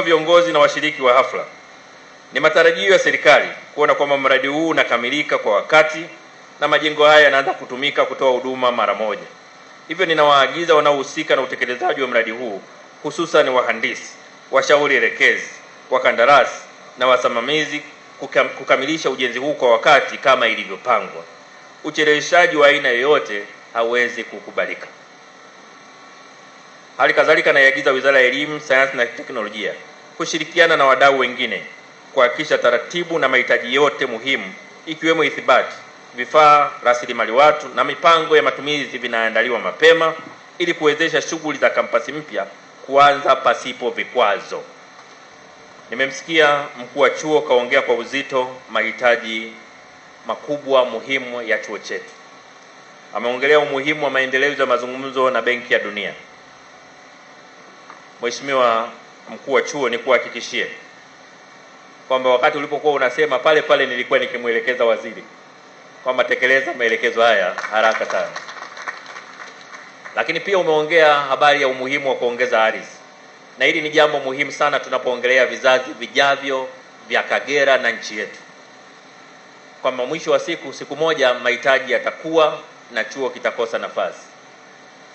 Waheshimiwa viongozi na washiriki wa hafla, ni matarajio ya serikali kuona kwamba mradi huu unakamilika kwa wakati na majengo haya yanaanza kutumika kutoa huduma mara moja. Hivyo ninawaagiza wanaohusika na utekelezaji wa mradi huu hususan wahandisi, washauri elekezi, wakandarasi na wasimamizi kukam, kukamilisha ujenzi huu kwa wakati kama ilivyopangwa. Ucheleweshaji wa aina yoyote hauwezi kukubalika. Hali kadhalika naiagiza Wizara ya Elimu, Sayansi na Teknolojia kushirikiana na wadau wengine kuhakikisha taratibu na mahitaji yote muhimu ikiwemo ithibati, vifaa, rasilimali watu na mipango ya matumizi vinaandaliwa mapema ili kuwezesha shughuli za kampasi mpya kuanza pasipo vikwazo. Nimemsikia mkuu wa chuo kaongea kwa uzito mahitaji makubwa muhimu ya chuo chetu. Ameongelea umuhimu wa maendeleo ya mazungumzo na Benki ya Dunia. Mheshimiwa mkuu wa chuo, nikuhakikishie kwamba wakati ulipokuwa unasema pale pale nilikuwa nikimwelekeza waziri kwamba tekeleza maelekezo haya haraka sana. Lakini pia umeongea habari ya umuhimu wa kuongeza ardhi, na hili ni jambo muhimu sana tunapoongelea vizazi vijavyo vya Kagera na nchi yetu, kwamba mwisho wa siku, siku moja mahitaji yatakuwa na chuo kitakosa nafasi,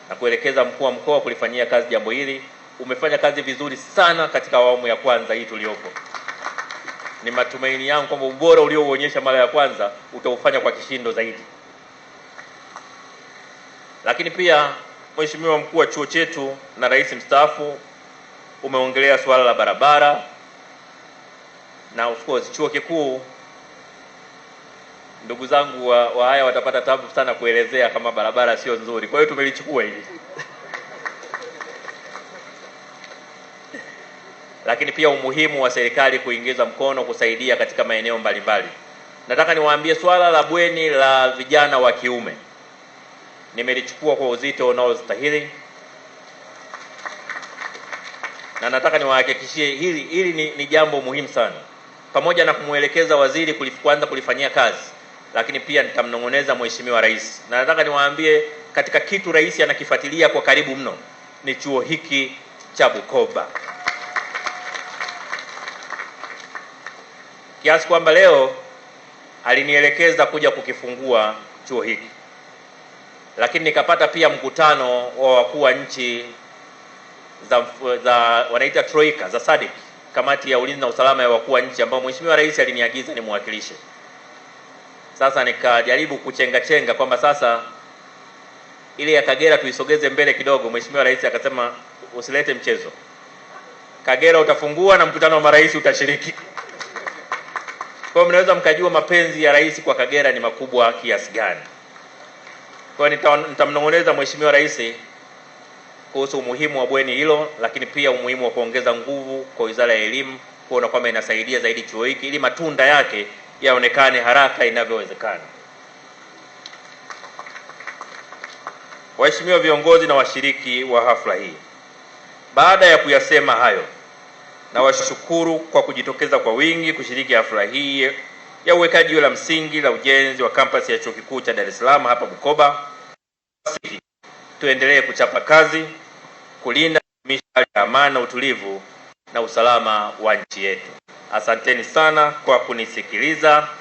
na kuelekeza mkuu wa mkoa kulifanyia kazi jambo hili umefanya kazi vizuri sana katika awamu ya kwanza hii tuliyopo. Ni matumaini yangu kwamba ubora uliouonyesha mara ya kwanza utaufanya kwa kishindo zaidi. Lakini pia Mheshimiwa mkuu wa chuo chetu na rais mstaafu, umeongelea suala la barabara na of course chuo kikuu ndugu zangu wa, wa haya watapata tabu sana kuelezea kama barabara sio nzuri. Kwa hiyo tumelichukua hili lakini pia umuhimu wa serikali kuingiza mkono kusaidia katika maeneo mbalimbali. Nataka niwaambie swala la bweni la vijana wa kiume nimelichukua kwa uzito unaostahili, na nataka niwahakikishie hili hili ni, ni jambo muhimu sana, pamoja na kumwelekeza waziri kulif, kuanza kulifanyia kazi, lakini pia nitamnong'oneza Mheshimiwa Rais, na nataka niwaambie katika kitu rais anakifuatilia kwa karibu mno ni chuo hiki cha Bukoba. kiasi kwamba leo alinielekeza kuja kukifungua chuo hiki, lakini nikapata pia mkutano wa wakuu wa nchi za, za wanaita troika za SADC, kamati ya ulinzi na usalama ya wakuu wa nchi ambao Mheshimiwa Rais aliniagiza nimwakilishe. Sasa nikajaribu kuchenga chenga kwamba sasa ile ya Kagera tuisogeze mbele kidogo. Mheshimiwa Rais akasema usilete mchezo, Kagera utafungua na mkutano wa marais utashiriki. Kwa hiyo mnaweza mkajua mapenzi ya rais kwa Kagera ni makubwa kiasi gani. Kwa hiyo nitamnong'oneza Mheshimiwa Rais kuhusu umuhimu wa bweni hilo, lakini pia umuhimu wa kuongeza nguvu kwa Wizara ya Elimu kuona kwamba inasaidia zaidi chuo hiki ili matunda yake yaonekane haraka inavyowezekana. Waheshimiwa viongozi na washiriki wa hafla hii, baada ya kuyasema hayo, Nawashukuru kwa kujitokeza kwa wingi kushiriki hafla hii ya uwekaji la msingi la ujenzi wa kampasi ya Chuo Kikuu cha Dar es Salaam hapa Bukoba. Tuendelee kuchapa kazi kulinda hali ya amani na utulivu na usalama wa nchi yetu. Asanteni sana kwa kunisikiliza.